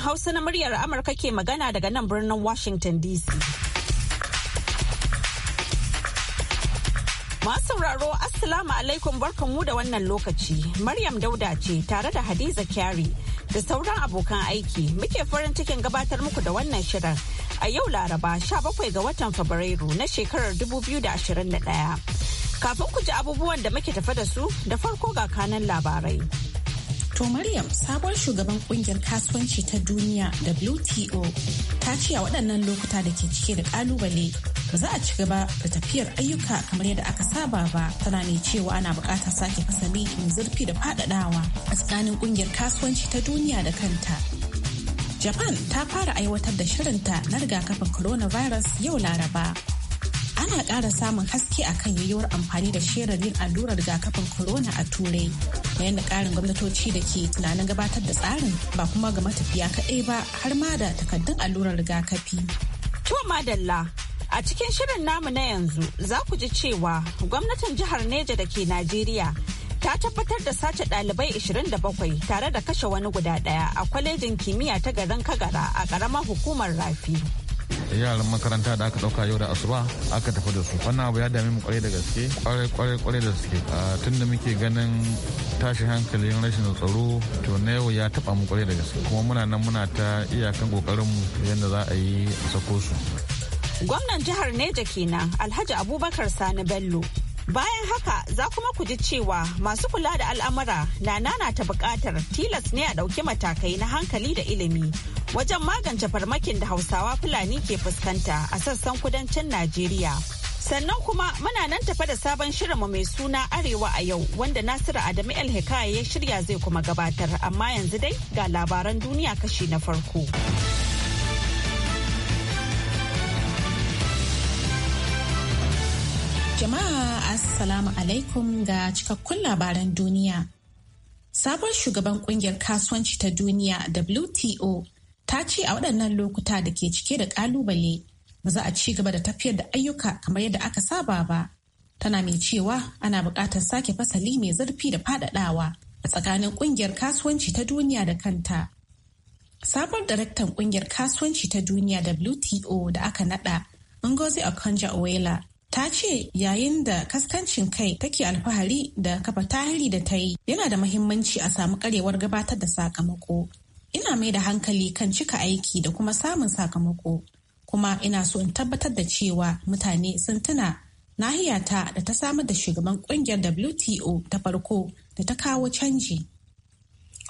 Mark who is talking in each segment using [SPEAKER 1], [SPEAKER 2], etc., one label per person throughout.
[SPEAKER 1] Hausa na muryar Amurka ke magana daga nan birnin Washington DC. Masu sauraro Assalamu alaikum barkanmu da wannan lokaci. Maryam Dauda ce tare da Hadiza Kyari da sauran abokan aiki muke farin cikin gabatar muku da wannan shirin a yau Laraba 17 ga watan Fabrairu na shekarar 2021. Kafin ku ji abubuwan da muke tafa da su da farko ga kanan labarai.
[SPEAKER 2] To Maryam sabuwar shugaban kungiyar kasuwanci ta duniya WTO ta ce a waɗannan lokuta da ke cike da kalubale ba za a ci gaba da tafiyar ayyuka kamar yadda aka saba ba tana ne cewa ana buƙatar sake fasali mai zurfi da faɗaɗawa a tsakanin kungiyar kasuwanci ta duniya da kanta. Japan ta fara aiwatar da shirinta na rigakafin coronavirus yau Laraba. ana ƙara samun haske a kan yiwuwar amfani da sherar yin allurar rigakafin corona a turai yayin da ƙarin gwamnatoci da ke tunanin gabatar da tsarin ba kuma ga matafiya kaɗai ba har ma da takaddun allurar rigakafi.
[SPEAKER 1] To madalla a cikin shirin namu na yanzu za ku ji cewa gwamnatin jihar Neja da ke Najeriya ta tabbatar da sace ɗalibai 27 tare da kashe wani guda ɗaya a kwalejin kimiyya ta garin Kagara a ƙaramar hukumar Rafi.
[SPEAKER 3] yaran makaranta da aka dauka yau da asuba aka tafi da su wannan abu ya dame mu kwarai da gaske kwarai kwarai kwarai da suke tun da muke ganin tashin hankalin rashin tsaro to na yau ya taba mu kwarai da gaske kuma muna nan muna ta iyakan kokarin mu yadda za a yi sako su
[SPEAKER 1] gwamnan jihar neja kenan alhaji abubakar sani bello Bayan haka za kuma ku ji cewa masu kula da al'amura na nana ta bukatar tilas ne a ɗauki matakai na hankali da ilimi wajen magance farmakin da Hausawa Fulani ke fuskanta a sassan kudancin Najeriya. Sannan kuma muna nan tafa da sabon shirinmu mai suna Arewa a yau wanda Nasiru Adamu El Hikaya ya shirya zai kuma gabatar amma yanzu dai ga labaran duniya kashi na farko.
[SPEAKER 2] Jama'a Assalamu alaikum ga cikakkun labaran duniya. Sabon shugaban kungiyar kasuwanci ta duniya WTO ta ce a waɗannan lokuta da ke cike da ƙalubale ba za a ci gaba da tafiyar da ayyuka kamar yadda aka saba ba. Tana mai cewa ana buƙatar sake fasali mai zurfi da faɗaɗawa a tsakanin kungiyar kasuwanci ta duniya da kanta. Sabon daraktan kungiyar kasuwanci ta duniya WTO da aka naɗa Ngozi Okonjo-Iweala ta ce yayin da kaskancin kai take alfahari da kafa tahiri da ta yi yana da mahimmanci a samu karewar gabatar da sakamako ina mai da hankali kan cika aiki da kuma samun sakamako kuma ina so in tabbatar da cewa mutane sun tuna nahiyata da ta samar da shugaban kungiyar wto ta farko da ta kawo canji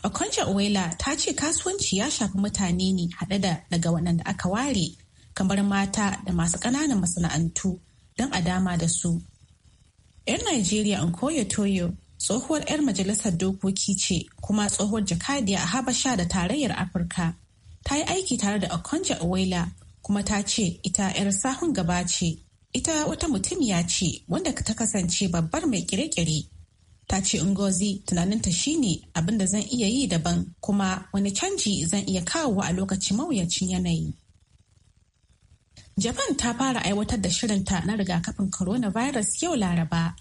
[SPEAKER 2] okonja Uwela ta ce kasuwanci ya shafi mutane ne haɗe da daga waɗanda aka ware kamar mata da masu ƙananan masana'antu don a dama da su. 'Yan Najeriya koya Toyo tsohuwar 'yar majalisar dokoki ce kuma tsohuwar jakadiya a Habasha da tarayyar Afirka. Ta yi aiki tare da Okonja Iweala kuma ta ce ita 'yar sahun gaba ce. Ita wata mutumiya ce wanda ta kasance babbar mai kire Ta ce Ngozi tunaninta shine abin da zan iya yi daban kuma wani canji zan iya kawo a lokacin mawuyacin yanayi. Japan ta fara aiwatar da shirinta na rigakafin coronavirus yau Laraba.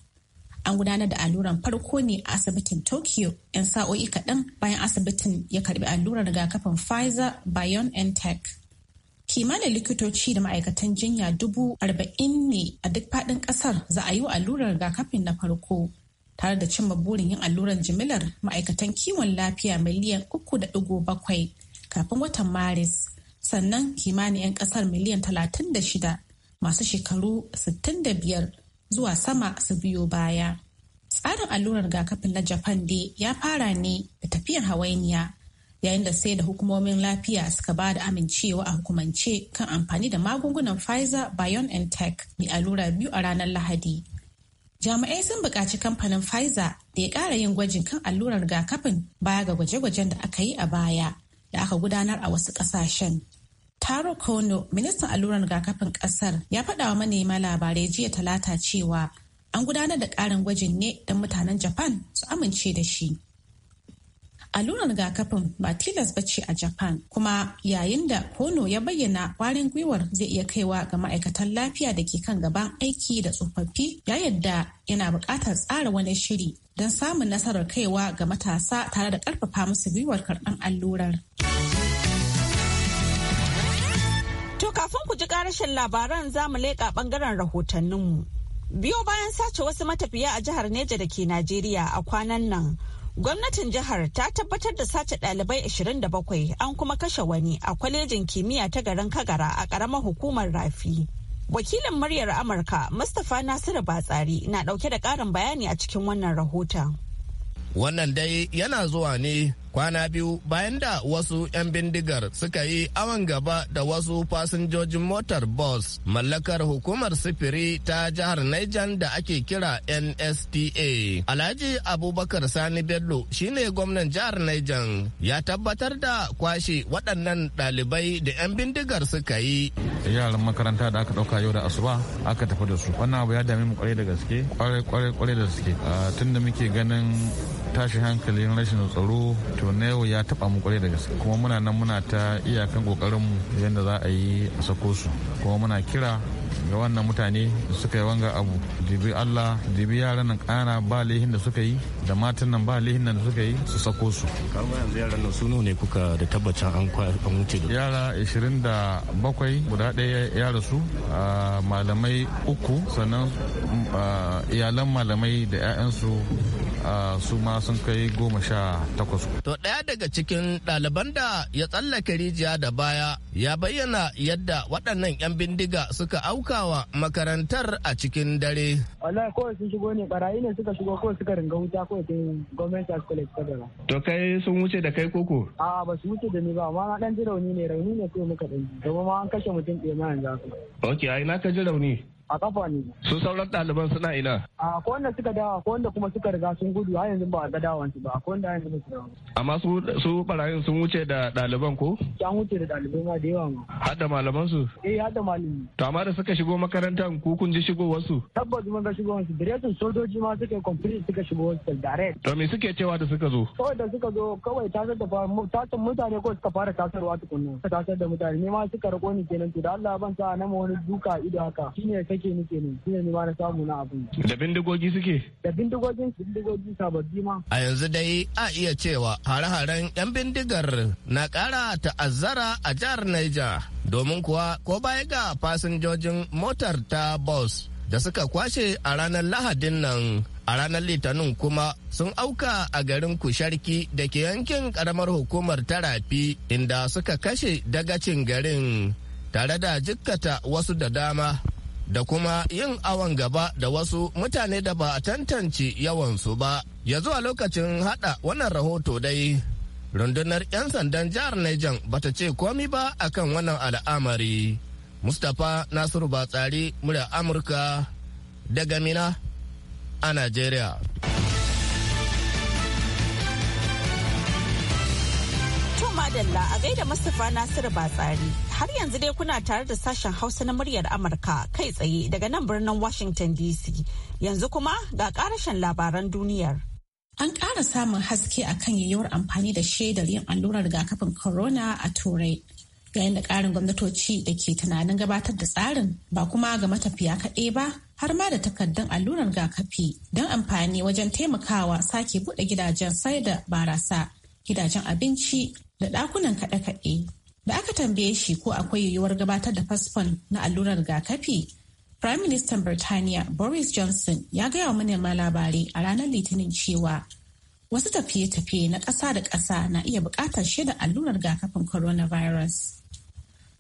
[SPEAKER 2] An gudanar da alluran farko ne a asibitin Tokyo 'yan sa'o'i kaɗan bayan asibitin ya karbi alluran rigakafin Pfizer BioNTech. Kimanin likitoci da ma'aikatan jinya dubu arba'in ne a duk faɗin ƙasar za a yi wa alluran rigakafin na farko. tare da cimma burin yin alluran jimilar ma'aikatan kiwon lafiya miliyan uku da bakwai kafin watan maris sannan kimanin 'yan kasar miliyan 36 masu shekaru 65 zuwa sama su biyo baya. Tsarin allurar rigakafin na Japan dai ya fara ne da tafiyar hawainiya yayin da sai da hukumomin lafiya suka ba da amincewa a hukumance kan amfani da magungunan Pfizer BioNTech mai allura biyu a ranar Lahadi. Jami'ai sun buƙaci kamfanin Pfizer da ya ƙara yin gwajin kan allurar rigakafin baya ga gwaje-gwajen da aka yi a baya da aka gudanar a wasu kasashen, Taro Kono, ministan alluran rigakafin ƙasar, ya faɗa wa manema labarai jiya talata cewa an gudanar da ƙarin gwajin ne don mutanen Japan su amince da shi. ga rigakafin ba tilas ba ce a japan kuma yayin da kono ya bayyana kwarin gwiwar zai iya kaiwa ga ma'aikatan lafiya da ke kan gaban aiki da tsofaffi ya yadda yana buƙatar tsara wani shiri don samun nasarar kaiwa ga matasa tare da ƙarfafa musu gwiwar karɓar allurar. To
[SPEAKER 1] kafin ku ji ƙarashin labaran za mu leƙa ɓangaren rahotanninmu. Biyo bayan sace wasu matafiya a jihar Neja da ke Najeriya a kwanan nan, Gwamnatin jihar ta tabbatar da sace ɗalibai 27 an kuma kashe wani a kwalejin kimiyya ta garin Kagara a ƙaramar hukumar Rafi. Wakilin muryar Amurka Mustapha Nasiru Batsari na ɗauke da ƙarin bayani a cikin wannan rahoton.
[SPEAKER 4] Wannan dai yana zuwa ne kwana biyu bayan da wasu 'yan bindigar suka yi awon gaba da wasu fasinjojin motar bus mallakar hukumar sifiri ta jihar Niger da ake kira NSTA. Alhaji Abubakar Sani Bello shine gwamnan jihar Niger ya tabbatar da kwashe waɗannan ɗalibai da 'yan bindigar suka yi.
[SPEAKER 3] Yaran makaranta da aka ɗauka yau da asuba aka tafi da su. Wannan abu ya dami mu kwarai da gaske, kwarai kwarai da suke ah, Tun da muke ganin tashin hankalin rashin tsaro to na yau ya taba mu kwarai da gaske kuma muna nan muna ta iyakan kokarin mu yadda za a yi a sako su kuma muna kira ga wannan mutane da suka yi wanga abu jibi allah jibi yaran nan kana ba lehin da suka yi da matan nan ba lehin nan da suka yi su sako su kama yanzu yaran nan suno ne kuka da tabbacin an an da yara 27 guda daya ya rasu malamai uku sannan iyalan malamai da 'ya'yansu su ma sun kai goma sha takwas. To ɗaya
[SPEAKER 4] daga cikin ɗaliban da ya tsallake rijiya da baya ya bayyana yadda waɗannan 'yan bindiga suka auka wa makarantar a cikin dare.
[SPEAKER 5] Wallahi kawai sun shigo ne barayi ne suka shigo kawai suka ringa wuta kawai ke gwamnati su college da
[SPEAKER 4] To kai sun wuce da kai koko?
[SPEAKER 5] A ba su wuce da ni ba amma na dan ji rauni ne rauni ne sai muka dan ji. ma an kashe mutum ɗaya ma yanzu
[SPEAKER 4] Ok ai na ka ji rauni. a kafa ne su sauran ɗaliban suna ina
[SPEAKER 5] a ko wanda suka dawa ko wanda kuma suka riga sun gudu a yanzu ba a ga dawon su ba ko wanda yanzu ba su dawo
[SPEAKER 4] amma su su barayin sun wuce da ɗaliban ko
[SPEAKER 5] an wuce da ɗaliban ma da yawa ma
[SPEAKER 4] har da malaman su
[SPEAKER 5] eh har da malami
[SPEAKER 4] to amma da suka shigo makarantar ku kun ji shigowar su tabbas
[SPEAKER 5] mun ga shigowar
[SPEAKER 4] su diretin sojoji
[SPEAKER 5] ma suka complete suka shigo hostel direct
[SPEAKER 4] to me suke cewa da suka zo
[SPEAKER 5] kawai da suka zo kawai tasar da tasar mutane ko suka fara tasarwa tukunna tasar da mutane ne ma suka rako ni kenan to da Allah ban sa na wani duka ido haka shine sai nake nake ne shine ne ba na samu na abin
[SPEAKER 4] da bindigogi suke
[SPEAKER 5] da bindigogi bindigogi sababbi ma
[SPEAKER 4] a yanzu dai a iya cewa hare-haren yan bindigar na kara ta'azzara a jihar Niger domin kuwa ko baya ga fasinjojin motar ta bus da suka kwashe a ranar lahadin nan a ranar litinin kuma sun auka a garin kusharki da ke yankin karamar hukumar tarafi inda suka kashe dagacin garin tare da jikkata wasu da dama da kuma yin awon gaba da wasu mutane da ba a tantance yawansu ba. Ya zuwa lokacin hada wannan rahoto dai, rundunar 'yan sandan jihar Niger bata ce komi ba akan wannan al'amari. Mustapha Nasiru Batsari, murya Amurka daga Mina a Najeriya.
[SPEAKER 1] Tuma Dalla a gaida Mustapha Nasiru Batsari. har yanzu dai kuna tare da sashen hausa na muryar amurka kai tsaye daga nan birnin washington dc yanzu kuma
[SPEAKER 2] ga karashen labaran duniyar an ƙara samun haske a kan yayyawar amfani da shaidar yin allurar rigakafin corona a turai yayin da ƙarin gwamnatoci da ke tunanin gabatar da tsarin ba kuma ga matafiya kaɗai ba har ma da takardun allurar rigakafi don amfani wajen taimakawa sake buɗe gidajen sai da barasa gidajen abinci da ɗakunan kaɗe-kaɗe Da aka tambaye shi ko akwai yiwuwar gabatar da fasfon na allurar rigakafi, Prime Minister Birtaniya Boris Johnson ya gaya wa manema labarai a ranar Litinin cewa wasu tafiye-tafiye na ƙasa da ƙasa na iya buƙatar shaidar allurar rigakafin coronavirus.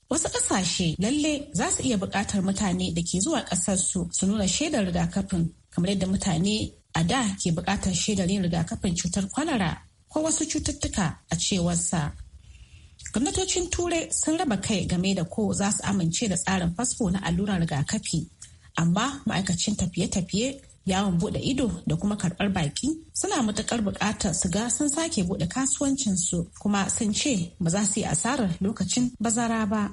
[SPEAKER 2] Wasu ƙasashe lalle za su iya buƙatar mutane da ke zuwa ƙasarsu su nuna shaidar rigakafin kamar yadda mutane a da ke buƙatar shaidar yin rigakafin cutar kwalara ko wasu cututtuka a cewarsa. Gwamnatocin Turai sun raba kai game da ko za su amince da tsarin fasfo na allurar rigakafi, amma ma'aikacin tafiye-tafiye yawon bude ido da kuma karbar baki suna matuƙar buƙatar su ga sun sake bude kasuwancinsu kuma sun ce ba za su yi asarar lokacin bazara ba.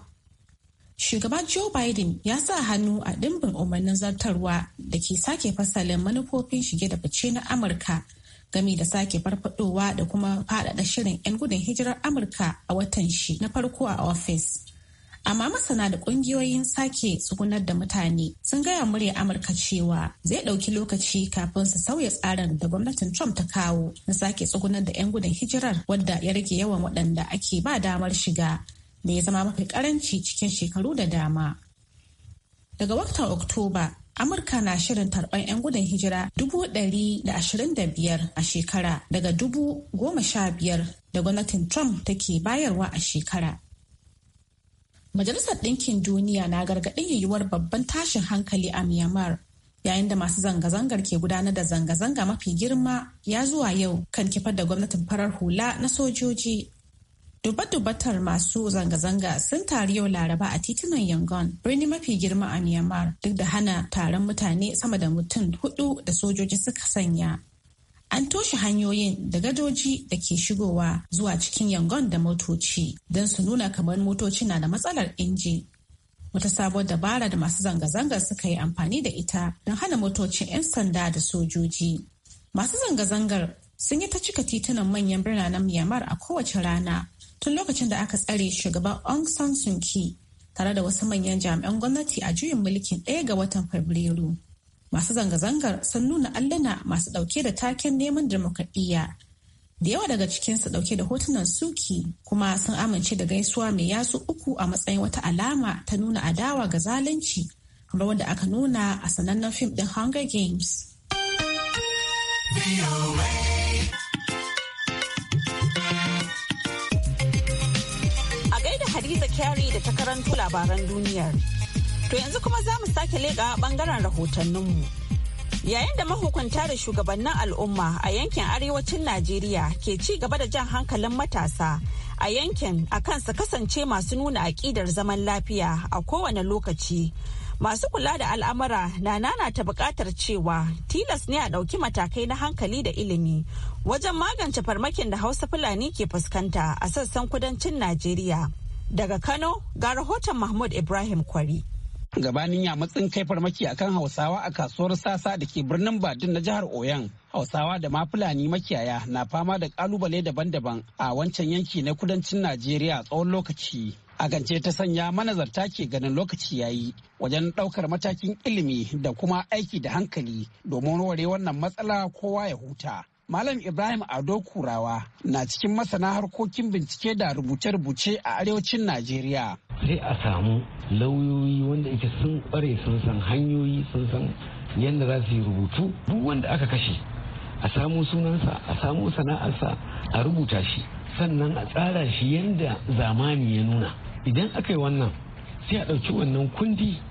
[SPEAKER 2] Shugaba Joe Biden ya sa hannu a dimbin umarnin zartarwa da ke sake fasalin manufofin shige da fice na Amurka game da sake farfadowa da kuma faɗaɗa shirin 'yan gudun hijirar Amurka a watan shi na farko a ofis. amma masana da ƙungiyoyin sake tsugunar da mutane sun gaya murya amurka cewa zai ɗauki lokaci kafin su sauya tsarin da gwamnatin trump ta kawo na sake tsugunar da 'yan gudun hijirar wadda ya rage yawan waɗanda ake ba damar shiga da ya zama mafi karanci cikin shekaru da dama daga watan oktoba Amurka na shirin tarban 'yan gudun hijira biyar a shekara daga biyar da gwamnatin Trump take bayarwa a shekara. Majalisar Ɗinkin Duniya na gargaɗin yiwuwar babban tashin hankali a Myanmar yayin da masu zanga-zangar ke gudanar da zanga-zanga mafi girma ya zuwa yau kan kifar da gwamnatin farar hula na sojoji Duba-dubatar masu zanga-zanga sun taru yau Laraba a titunan Yangon, birni mafi girma a Myanmar, duk da hana taron mutane sama da mutum hudu da sojoji suka sanya. An toshe hanyoyin da gadoji da ke shigowa zuwa cikin Yangon da motoci don su nuna kamar motoci na da matsalar inji. Wata sabuwar dabara da masu zanga-zangar suka yi amfani da ita don hana motocin 'yan sanda da sojoji. Masu zanga-zangar sun yi ta cika titunan manyan biranen Myanmar a kowace rana tun lokacin da aka tsare shugaban Aung San Suu Kyi tare da wasu manyan jami'an gwamnati a juyin mulkin ɗaya ga watan Fabrairu. Masu zanga-zangar sun nuna alluna masu ɗauke da taken neman demokradiyya. Da yawa daga cikin su ɗauke da hotunan suki kuma sun amince da gaisuwa mai yatsu uku a matsayin wata alama ta nuna adawa ga zalunci kamar wanda aka nuna a sanannen fim ɗin Hunger Games.
[SPEAKER 1] Kyari da ta karanto labaran duniyar. To yanzu kuma za mu sake leƙa bangaren rahotanninmu. Yayin da mahukunta da shugabannin al'umma a yankin arewacin Najeriya ke ci gaba da jan hankalin matasa a yankin akan sa kasance masu nuna aƙidar zaman lafiya a kowane lokaci. masu kula da al'amura na nana ta buƙatar cewa tilas ne a ɗauki matakai na hankali da ilimi wajen magance farmakin da hausa fulani ke fuskanta a sassan kudancin najeriya Daga Kano ga rahoton Mahmud Ibrahim Kwari.
[SPEAKER 6] Gabanin ya matsin kai farmaki akan Hausawa a kasuwar sasa da ke birnin Badin na jihar Oyan. Hausawa da ma Fulani makiyaya na fama da kalubale daban-daban a wancan yanki na kudancin Najeriya tsawon lokaci. Agance ta sanya manazarta ke ganin lokaci yayi wajen ɗaukar matakin ilimi da kuma aiki da hankali domin ware wannan matsala kowa ya huta. Malam Ibrahim Ado Kurawa na cikin masana harkokin bincike da rubuce-rubuce a arewacin Najeriya.
[SPEAKER 7] Sai a samu lauyoyi wanda ita sun kware sun san hanyoyi sun san yadda za su yi rubutu duk wanda aka kashe a samu sunansa a samu sana'arsa a rubuta shi sannan a tsara shi yadda zamani ya nuna idan aka yi wannan sai a ɗauki wannan kundi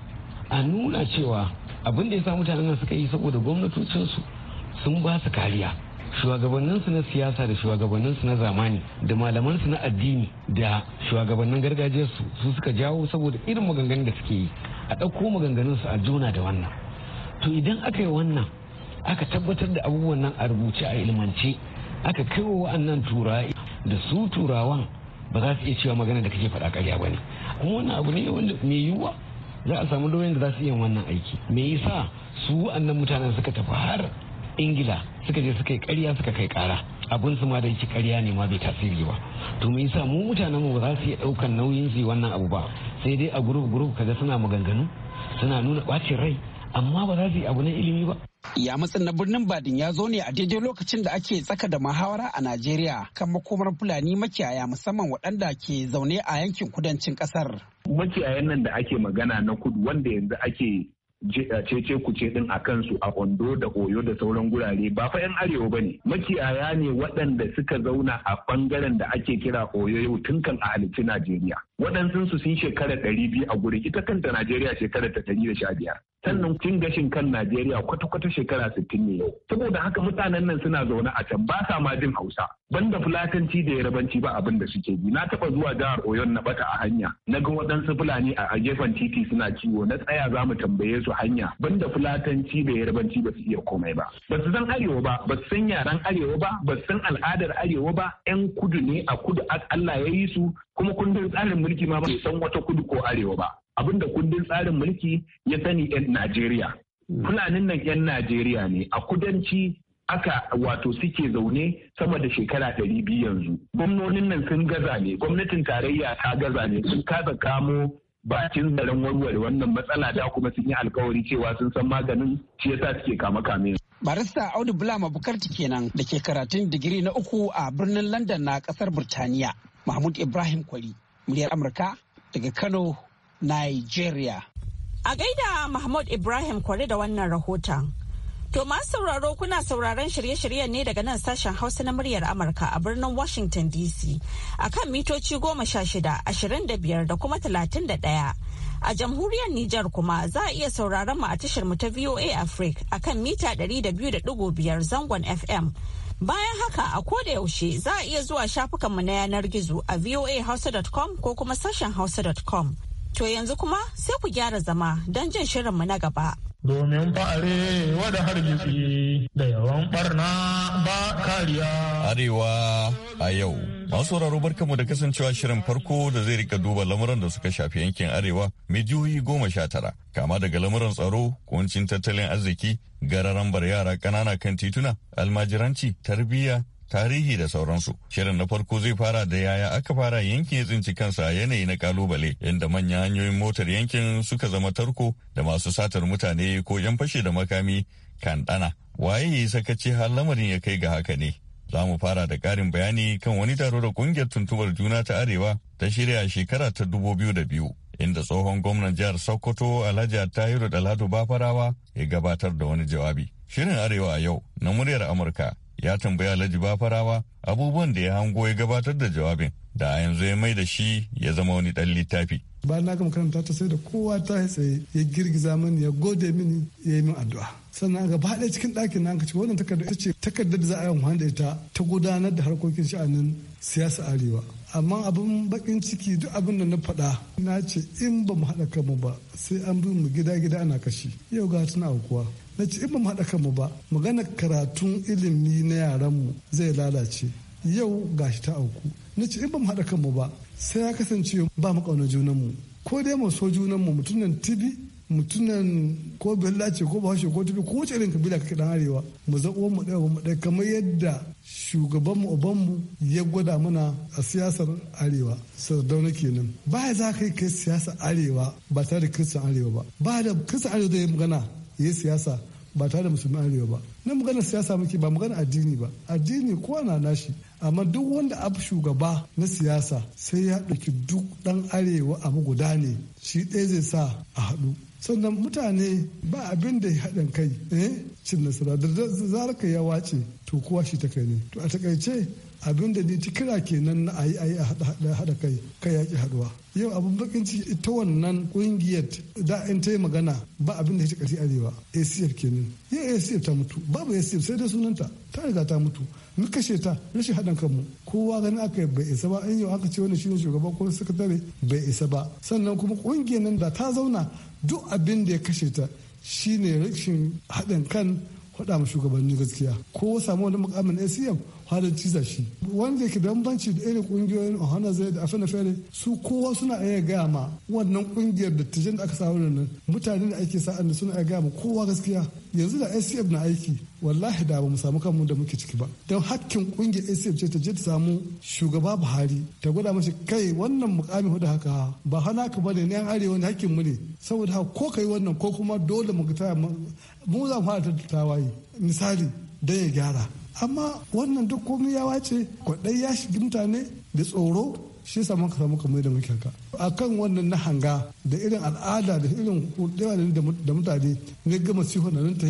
[SPEAKER 7] a nuna cewa abin da ya sa mutanen suka yi saboda gwamnatocinsu sun ba su kariya shugabanninsu na siyasa da shugabanninsu na zamani da malamansu na addini da shugabannin gargajiyarsu su suka jawo saboda irin maganganun da suke yi a ɗauko maganganunsu a juna da wannan to idan aka yi wannan aka tabbatar da abubuwan nan a rubuce a ilmance aka kai wa wa'annan turai da su turawan ba za su iya cewa magana da kake faɗa ƙarya ba ne kuma wannan abu ne wanda mai yiwuwa za a samu doyen da za su iya wannan aiki me yasa su wa'annan mutanen suka tafi har ingila suka je suka yi karya suka kai kara abun su ma da yake karya ne ma bai tasiri ba to me yasa mu mutanen mu ba za su iya daukan nauyin su wannan abu ba sai dai a guruf group kaga suna maganganu suna nuna bacin rai amma ba za su yi abu na ilimi ba Ya matsin na
[SPEAKER 6] birnin Badin ya zo ne a daidai lokacin da ake tsaka da muhawara a Najeriya kan makomar Fulani makiyaya musamman waɗanda ke zaune a yankin kudancin ƙasar.
[SPEAKER 8] Makiyayan nan da ake magana na kudu wanda yanzu ake Eh, cece kuce din a kansu a ondo da oyo da sauran gurare ba fa 'yan arewa ba ne makiyaya ne waɗanda suka zauna a ɓangaren da ake kira oyo yau tun kan a halittu najeriya waɗansu sun shekara ɗari biyu a gurin ita kanta najeriya shekara ta ɗari biyar sannan cin gashin kan Najeriya kwata-kwata shekara 60 ne yau. Saboda haka mutanen nan suna zaune a can ba sa ma jin Hausa. Banda Fulatanci da Yarabanci ba abin da suke bi. Na taɓa zuwa jihar Oyon na bata a hanya. Na ga waɗansu Fulani a gefen titi suna ciwo na tsaya za mu tambaye su hanya. Banda Fulatanci da Yarabanci ba su iya komai ba. Ba su san Arewa ba, ba su san yaren Arewa ba, ba su san al'adar Arewa ba. 'Yan kudu ne a kudu Allah ya yi su kuma kundin tsarin mulki ma ba su san wata kudu ko Arewa ba. da kundin tsarin mulki ya sani 'yan Najeriya. Hmm. Fulanin nan 'yan Najeriya ne a kudanci aka wato suke zaune sama da shekara ɗari biyu yanzu. Gwamnonin nan sun gaza ne, gwamnatin tarayya ta gaza ne, sun kasa kamo bakin zaren warware wannan matsala da kuma sun yi alkawari cewa sun san maganin shi yasa suke kama kame.
[SPEAKER 6] Barista Audu Bulama Bukarti kenan da ke karatun digiri na uku a birnin London na kasar Burtaniya. Mahmud Ibrahim Kwari, muryar Amurka daga Kano, Nigeria.
[SPEAKER 1] A gaida Mahmud Ibrahim kwari da wannan rahoton. To masu sauraro kuna sauraron shirye-shiryen ne daga nan sashen Hausa na muryar Amurka a birnin Washington DC a kan mitoci goma sha shida, ashirin da biyar da kuma talatin da ɗaya. A jamhuriyar Nijar kuma za a iya sauraron mu a tashar mu ta VOA Africa a kan mita ɗari da biyu da ɗigo biyar zangon FM. Bayan haka a koda yaushe za a iya zuwa shafukanmu na yanar gizo a voahausa.com ko kuma sashen hausa.com. To yanzu kuma sai ku gyara zama don jin shirinmu na gaba.
[SPEAKER 9] Domin fa'are wada hargitsi da yawan barna ba kariya. Arewa a yau. Masu sauraro barkamu da kasancewa shirin farko da zai rika duba lamuran da suka shafi yankin Arewa mai jihohi goma sha tara. Kama daga lamuran tsaro, kuncin tattalin arziki, gararambar yara ƙanana kan tituna, almajiranci, tarbiyya, tarihi da sauransu. Shirin na farko zai fara da yaya aka fara yankin ya tsinci kansa yanayi na kalubale inda manyan hanyoyin motar yankin suka zama tarko da masu satar mutane ko 'yan fashe da makami kan ɗana. Waye ya sakaci har lamarin ya kai ga haka ne? Za mu fara da ƙarin bayani kan wani taro da ƙungiyar tuntubar juna ta Arewa ta shirya shekara ta dubu biyu da biyu. inda tsohon gwamnan jihar Sokoto Alhaji Tahiru Dalado Bafarawa ya gabatar da wani jawabi. Shirin Arewa a yau na muryar Amurka ya tambaya Alhaji Bafarawa abubuwan da ya hango ya gabatar da jawabin da a yanzu ya mai da shi ya zama wani ɗan littafi.
[SPEAKER 5] bayan na gama karanta ta sai da kowa ta yi tsaye ya girgiza mani ya gode mini ya yi min addu'a sannan gaba ɗaya cikin ɗakin na ce wannan takarda ita ce takardar da za a yi amfani da ita ta gudanar da harkokin sha'anin siyasa arewa amma abin bakin ciki duk abin da na faɗa na ce in ba mu haɗa kanmu ba sai an bi mu gida gida ana kashi yau ga tuna kuwa na ce in ba mu haɗa kanmu ba magana karatun ilimi na yaranmu zai lalace yau ga shi ta auku na ce in eh, ba mu haɗa kanmu ba sai ya kasance ba mu ƙaunar junanmu ko dai mu so junanmu mutunan tibi mutunan ko bella ce ko bahaushe ko tibi ko wace irin kabila kake dan arewa mu zaɓo mu ɗaya mu ɗaya kamar yadda shugabanmu obanmu ya gwada mana a siyasar arewa sardauna kenan ba za ka yi kai siyasa arewa ba tare da kristan arewa ba ba da kristan arewa zai magana ya siyasa ba tare da musulmi arewa ba na maganar siyasa muke ba magana addini ba addini ko na nashi amma duk wanda abu shugaba na siyasa sai ya ɗauki duk ɗan arewa abu guda ne shi ɗaya zai sa a haɗu sannan mutane ba abin da ya haɗin kai ne eh, cin nasara da zaraka ya wace to kowa shi ta kai ne to a takaice abin da ta kira kenan na ayi ayi a haɗa kai kai yaƙi haɗuwa yau abin bakin ci ita wannan ƙungiyar da in ta yi magana ba abin da ya ci arewa acf kenan yau acf ta mutu babu acf sai dai sunanta ta riga ta mutu ni kashe ta rashin haɗin kanmu kowa gani aka yi bai isa ba in yau aka ce wani shine shugaban ko sakatare bai isa ba sannan kuma ƙungiyar nan da ta zauna duk abin da ya kashe ta shine rashin haɗin kan faɗa ma shugabanni gaskiya ko samu wani mukamin acm halin ciza shi wanda yake da banci da irin kungiyoyin ohana zai da afele fere su kowa suna iya gaya ma wannan kungiyar da tijin da aka samu da nan mutane da ake sa'an da suna iya gaya ma kowa gaskiya yanzu da acf na aiki wallahi da ba mu samu kanmu da muke ciki ba don hakkin kungiyar acf ce ta je ta samu shugaba buhari ta gwada mashi kai wannan mukamin hudu haka ba hana ka bane ne an arewa ne hakkin mu ne saboda haka ko kai wannan ko kuma dole mu mu za mu fara tattawaye misali don ya gyara amma wannan duk komai ya wace kwaɗai ya shigi mutane da tsoro shi yasa muka samu kamar da muke haka kan wannan na hanga da irin al'ada da irin kudewa da mutane ne gama na nan ta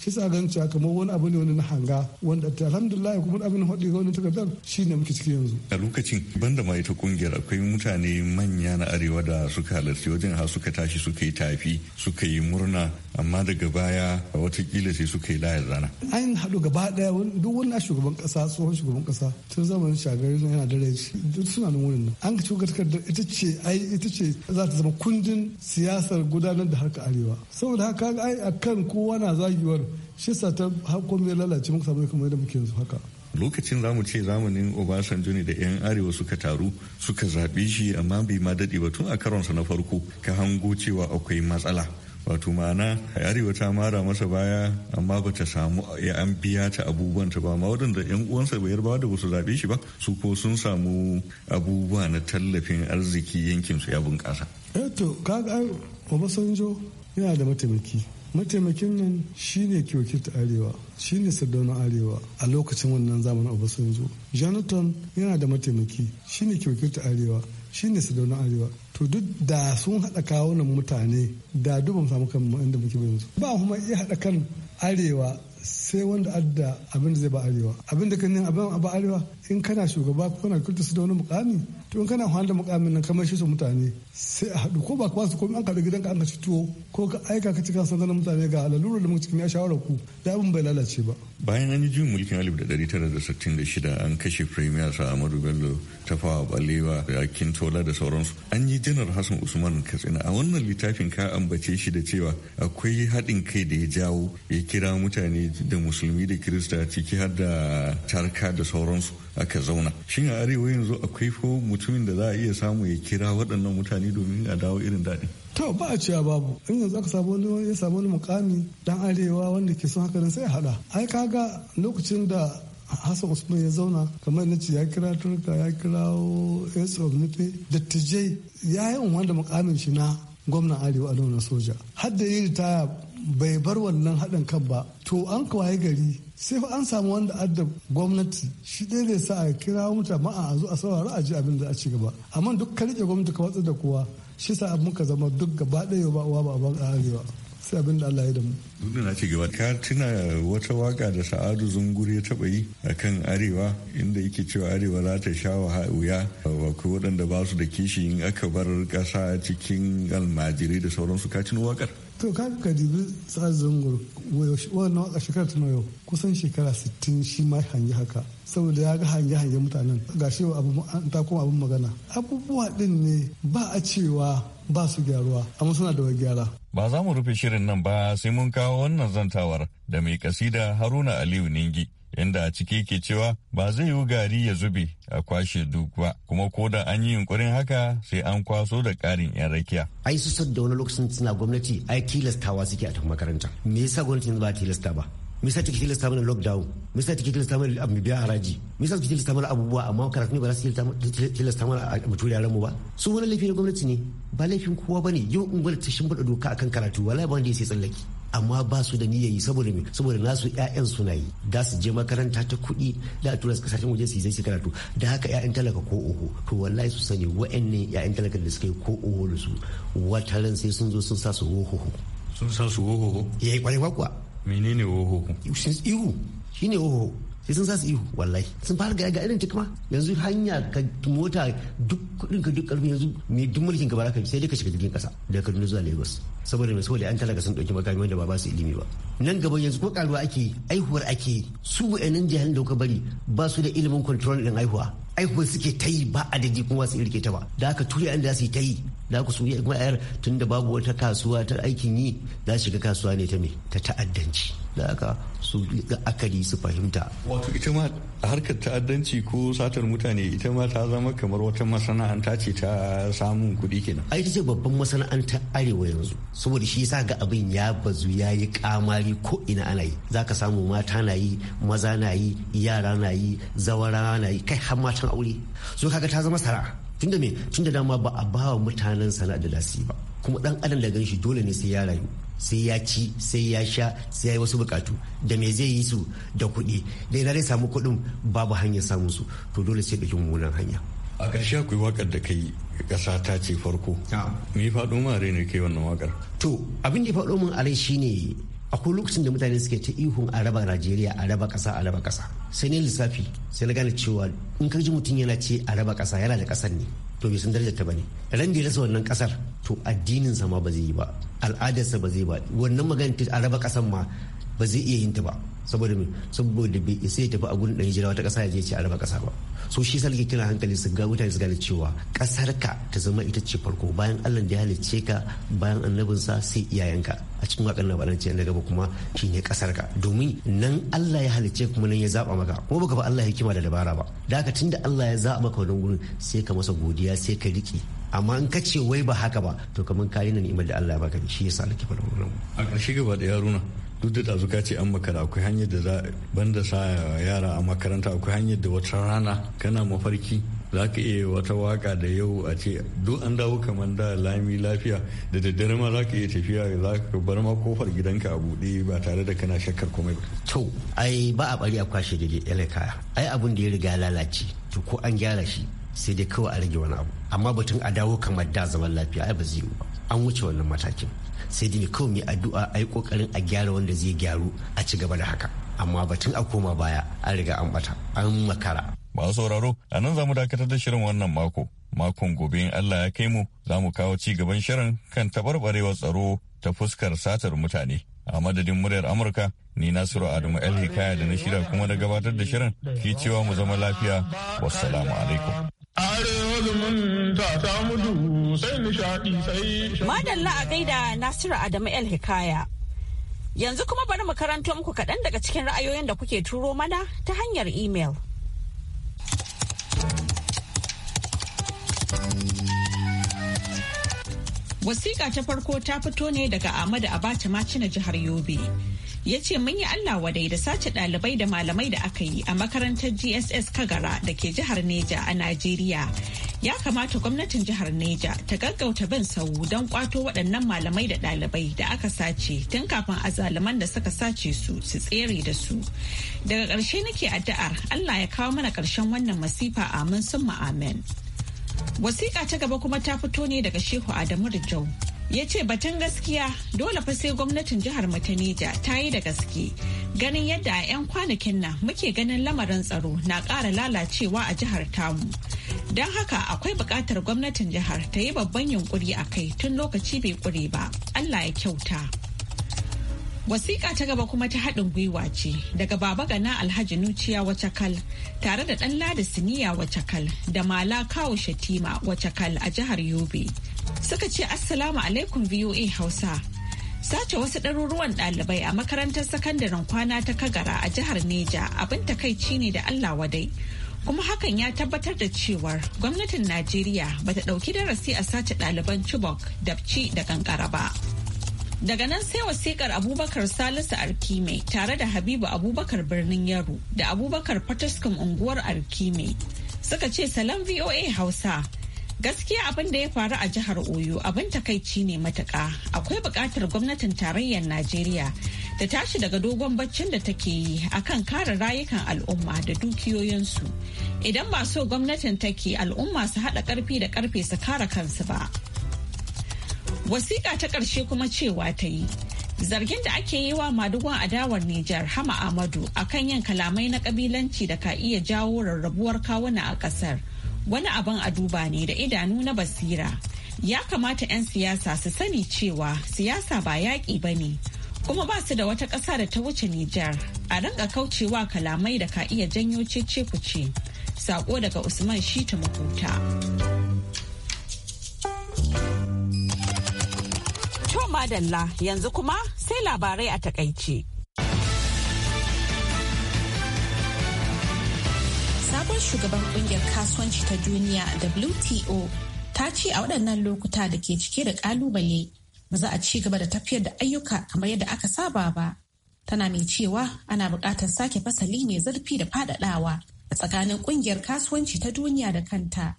[SPEAKER 5] shi sa gan cewa kamar wani abu ne wani na hanga wanda alhamdulillah kuma abin haɗe ga wani takardar shi ne muke ciki yanzu.
[SPEAKER 9] a lokacin banda ma ita kungiyar akwai mutane manya na arewa da suka halarci wajen ha suka tashi suka yi tafi suka yi murna amma daga baya a watakila sai suka yi layar rana.
[SPEAKER 5] an haɗu gaba ɗaya duk wani shugaban ƙasa tsohon shugaban ƙasa tun zamanin shagari yana dare shi. duk suna nan wurin nan an ka gaskar takardar ita ce ai ita ce za ta zama kundin siyasar gudanar da harka arewa saboda haka ai kan kowa na zagiwar shi sa ta hakon ya lalace muka samu kamar yadda muke yanzu haka.
[SPEAKER 9] lokacin zamu ce zamanin obasanjo ne da 'yan arewa suka taru suka zaɓe shi amma bai ma daɗe ba tun a karonsa na farko ka hango cewa akwai matsala wato ma'ana arewa ta mara masa baya amma ba ta samu ya an biya ta abubuwan ta ba ma waɗanda yan uwansa bai yarbawa da wasu zaɓe shi ba su ko sun samu abubuwa na tallafin arziki yankin su ya bunƙasa.
[SPEAKER 5] eto eh kaga obasanjo yana da mataimaki mataimakin nan shine ke wakilta arewa shine sardaunan arewa a lokacin wannan zamanin obasanjo jonathan yana da mataimaki shine ke wakilta arewa shine sardaunan arewa to duk da sun haɗa kawunan mutane da duban samu kan inda muke yanzu ba kuma iya haɗa kan arewa sai wanda adda abin da zai ba arewa abin da kan abin ba arewa in kana shugaba ko kana kirta su da wani mukami to in kana da mukamin nan kamar shi su mutane sai a haɗu ko ba kuma su komi an kaɗu gidanka an ka ci tuwo ko ka aika ka cika sanar mutane ga lalurar da muka cikin ya shawarar ku da abin bai lalace ba
[SPEAKER 9] bayan an yi juyin mulkin 1966 an kashe premier sa amadu bello tafawa balewa da tola da sauransu an yi janar hassan usman katsina a wannan littafin ka ambace shi da cewa akwai haɗin kai da ya jawo ya kira mutane da musulmi da kirista ciki har da tarka da sauransu aka zauna shin a arewa yanzu akwai ko mutumin da za a iya samu ya kira waɗannan mutane domin a dawo irin daɗi. Ta ba a
[SPEAKER 5] cewa babu in yanzu aka samu wani ya samu wani mukami dan arewa wanda ke son haka sai hada ai kaga lokacin da hassan usman ya zauna kamar na ce ya kira turka ya kirawo yes of dattijai ya yi unwa da mukamin shi na gwamnan arewa a nuna soja har da yi ritaya bai bar wannan haɗin kan ba to an kawai gari sai fa an samu wanda adda gwamnati shi ɗaya zai sa a kira mutane ma'a a zo a saurara a ji abin da a ci gaba amma duk ka riƙe gwamnati ka watsa da kowa shi sa muka zama duk gaba ɗaya ba uwa ba ban arewa sai abin da Allah ya damu. mu.
[SPEAKER 9] Duk na ce gaba ka tuna wata waka da Sa'adu Zunguri ya taɓa yi a kan arewa inda yake cewa arewa za ta sha wuya wa ku waɗanda ba su da kishi in aka bar ƙasa cikin almajiri da sauransu ka tuna wakar.
[SPEAKER 5] To ka ka dibi Sa'adu Zunguri wannan waka shekara tuna yau kusan shekara sittin shi ma hangi haka. saboda ya ga hange-hange mutanen ga shi ta kuma abin magana abubuwa din ne ba a cewa ba su gyaruwa amma suna da
[SPEAKER 9] gyara ba za mu rufe shirin nan ba sai mun kawo wannan zantawar da mai kasida haruna aliyu ningi inda a ciki ke cewa ba zai yi gari ya zube a kwashe duk ba kuma ko da an yi yunkurin haka sai an kwaso da karin yan rakiya
[SPEAKER 10] ai su da wani lokacin suna gwamnati ai tilastawa suke a makaranta me yasa gwamnati ba tilasta ba me yasa take tilasta mana lockdown me yasa take tilasta mana abu biya haraji me yasa take tilasta mana abubuwa amma karatu ba za su tilasta mana a mutu yaran mu ba su wani laifi na gwamnati ne ba laifin kowa ne yau in gwamnati ta shimfiɗa doka akan karatu wala ba wanda ya sai tsallaki amma ba su da niyyayi saboda me saboda nasu ƴaƴan suna yi da su je makaranta ta kuɗi da a tura su kasashen waje su yi zai karatu da haka ƴaƴan talaka ko oho to wallahi su sani wa'annan ƴaƴan talaka da suka yi ko oho da su ran sai sun zo sun sa su wohoho. sun sa su wohoho. yayi kwarewa kuwa menene oho sun ihu shine oho sai sun sasu ihu wallahi sun fara ga ga irin kuma. yanzu hanya ka mota duk kudin ka duk karfi yanzu mai duk mulkin ka baraka sai dai ka shiga jirgin kasa daga Kaduna zuwa Lagos saboda mai saboda an talaka sun dauki makami wanda ba ba su ilimi ba nan gaba yanzu ko karuwa ake aihuwar ake su wayannan jahilin da kuka bari ba su da ilimin control din aihuwa aihuwar suke ta yi ba adadi kuma su irke ta ba da haka ture an da su ta yi da ku su mayar tun da babu wata kasuwa ta aikin yi za shiga kasuwa ne ta me ta ta'addanci da aka su
[SPEAKER 9] akari su fahimta wato ita ma harkar ta'addanci ko satar mutane ita ma ta zama kamar wata masana'anta ce ta samun kuɗi kenan ai ita ce babban masana'anta arewa yanzu
[SPEAKER 10] saboda shi yasa ga abin ya bazu ya yi kamari ko ina ana yi zaka samu mata na yi maza na yi yara na yi zawara na yi kai har matan aure so kaga ta zama sara. tunda me tunda dama ba a ba wa mutanen sana'a da lasi ba kuma dan adam da gan shi dole ne sai ya rayu sai ya ci sai ya sha sai ya yi wasu bukatu da me zai yi su da kuɗi da ina zai samu kuɗin babu
[SPEAKER 9] hanyar samun su to dole sai ɗauki mummunan hanya a ƙarshe akwai wakar da kai ƙasa ta ce farko me faɗo ma rai ne ke wannan wakar
[SPEAKER 10] to abin da faɗo min rai shine akwai lokacin da mutane suke ta ihun a raba najeriya a raba kasa a raba kasa sai ne lissafi sai na gane cewa in ka ji mutum yana ce a raba kasa yana da kasar ne to bai san darajar ta bane ran da ya rasa wannan kasar to addinin sa ma ba zai yi ba al'adarsa ba zai ba wannan magana a raba kasar ma ba zai iya yin ta ba saboda mai saboda bai isa ya tafi a gurin dan jirawa ta ƙasa ya je ce a raba ƙasa ba so shi salke kira hankali su ga mutane su gane cewa ƙasar ka ta zama ita ce farko bayan Allah da ya halicce ka bayan annabinsa sai iyayenka a cikin wakan na baɗan na gaba kuma shi ne ƙasar ka domin nan Allah ya halicce kuma nan ya zaɓa maka kuma baka ba Allah hikima da dabara ba da haka tunda Allah ya zaɓa maka wani gurin sai ka masa godiya sai ka riƙe amma in ka ce wai ba haka ba to kamar ka na ni'imar da Allah ya baka
[SPEAKER 9] shi yasa nake faɗa a ƙarshe gaba da yaruna duk da ɗazu ce an makara akwai hanyar da za banda sa yara a makaranta akwai hanyar da wata rana kana mafarki za ka iya wata waka da yau a ce duk an dawo kamar da lami lafiya da daddare ma za ka iya tafiya za ka bar ma kofar gidanka a buɗe ba tare da kana shakkar komai ba. to
[SPEAKER 10] ai ba a bari a kwashe da yale kaya ai abun da ya riga lalace to ko an gyara shi sai dai kawai a rage wani abu amma batun a dawo kamar da zaman lafiya ai ba zai yi ba an wuce wannan matakin sai dai kawai mai addu'a a yi kokarin a gyara wanda zai gyaru a ci gaba da haka amma batun
[SPEAKER 9] a koma baya an riga an bata an makara masu sauraro a nan za mu dakatar da shirin wannan mako makon gobe in Allah ya kai mu za mu kawo ci gaban shirin kan tabarbarewar tsaro ta fuskar satar mutane a madadin muryar amurka ni nasiru adamu el hikaya da na shirya kuma da gabatar da shirin ke cewa mu zama lafiya wassalamu alaikum
[SPEAKER 1] Arewa zumunta ta sai nishaɗi sai Madalla a gaida Nasiru Adamu El Hikaya. Yanzu kuma bari mu karanto muku kaɗan daga cikin ra'ayoyin da kuke turo mana ta hanyar imel. Wasiƙa ta farko ta fito ne daga Ahmadu Abacha Macina jihar Yobe. ya ce mun yi Allah wadai da sace ɗalibai da malamai da aka yi a makarantar GSS Kagara da ke jihar Neja a Najeriya. Ya kamata gwamnatin jihar Neja ta gaggauta bin sau don kwato waɗannan malamai da ɗalibai da aka sace tun kafin azaliman da suka sace su su tsere da su. Daga ƙarshe nake addu'ar Allah ya kawo mana ƙarshen wannan masifa amin sun amen. Wasiƙa ta gaba kuma ta fito ne daga Shehu Adamu Rijau ya ce batun gaskiya dole fa sai gwamnatin jihar Matanija ta yi da gaske ganin yadda a 'yan kwanakin nan muke ganin lamarin tsaro na ƙara lalacewa a jihar tamu don haka akwai buƙatar gwamnatin jihar ta yi babban yunkuri a kai tun lokaci bai ƙure ba allah ya kyauta wasiƙa ta gaba kuma ta haɗin gwiwa ce daga baba gana alhaji nuciya wacakal tare da ɗan lada siniya wacakal da mala kawo shatima wacakal a jihar yobe suka ce Assalamu alaikum VOA Hausa. Sace wasu ɗaruruwan ɗalibai a makarantar sakandaren kwana ta Kagara a jihar Neja abin takaici ne da Allah wadai. Kuma hakan ya tabbatar da cewar gwamnatin Najeriya ba ta ɗauki darasi a sace ɗaliban Chibok, Dabci da Kankara ba. Daga nan sai wasikar Abubakar Salisu Arkime tare da Habibu Abubakar birnin Yaro da Abubakar Fataskum unguwar Arkime suka ce salam VOA Hausa. gaskiya abin da ya faru a jihar oyo abin takaici ne matuka akwai buƙatar gwamnatin tarayyar najeriya ta tashi daga dogon baccin da take yi akan kare rayukan al'umma da dukiyoyinsu idan ba so gwamnatin take al'umma su haɗa ƙarfi da ƙarfe su kare kansu ba wasiƙa ta ƙarshe kuma cewa ta yi zargin da ake yi wa madugon adawar Nijar Hama Amadu akan yin kalamai na kabilanci da ka iya jawo rarrabuwar kawuna a ƙasar. wani abin a duba ne da idanu na basira ya kamata 'yan siyasa su sani cewa siyasa ba yaƙi ba ne kuma ba su da wata ƙasa da ta wuce Nijar a rinka kaucewa kalamai da ka iya janyo cece kuce sako daga Usman Shita Mahuta. To madalla yanzu kuma sai labarai a takaice.
[SPEAKER 2] Sabon shugaban kungiyar kasuwanci ta duniya WTO ta ce a waɗannan lokuta da ke cike da ƙalubale ba za a ci gaba da tafiyar da ayyuka kamar yadda aka saba ba. Tana mai cewa ana buƙatar sake fasali mai zurfi da faɗaɗawa a tsakanin kungiyar kasuwanci ta duniya da kanta.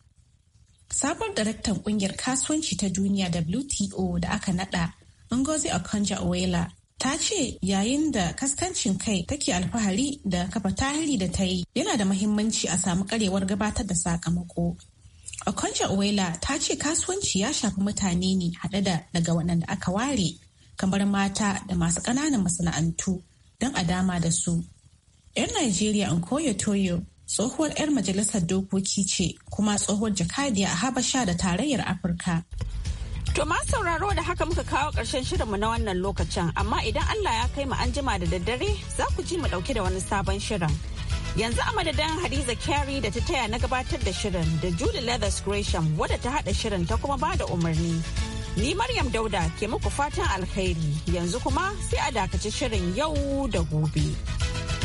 [SPEAKER 2] Sabon daraktan kungiyar kasuwanci ta duniya WTO da aka naɗa Ngozi Okonjo-Iweala ta ce yayin da kaskancin kai take alfahari da kafa tahiri da ta yi yana da mahimmanci a samu karewar gabatar da sakamako Okonja Uwaila ta ce kasuwanci ya shafi mutane ne haɗe da daga waɗanda aka ware kamar mata da masu ƙananan masana'antu don a dama da su. 'Yan Najeriya Nkoyo Toyo tsohuwar 'yar majalisar dokoki ce kuma tsohuwar jakadiya a Habasha da tarayyar Afirka. To ma sauraro da haka muka kawo
[SPEAKER 1] ƙarshen shirinmu na wannan lokacin amma idan Allah ya kai mu an jima da daddare za ku ji mu ɗauke da wani sabon shirin. Yanzu a madadin Hadiza Kyari da ta taya na gabatar da shirin da Julie Leathers Gresham wadda ta haɗa shirin ta kuma bada umarni. Ni Maryam Dauda ke muku fatan alkhairi yanzu kuma sai a dakaci shirin yau da gobe.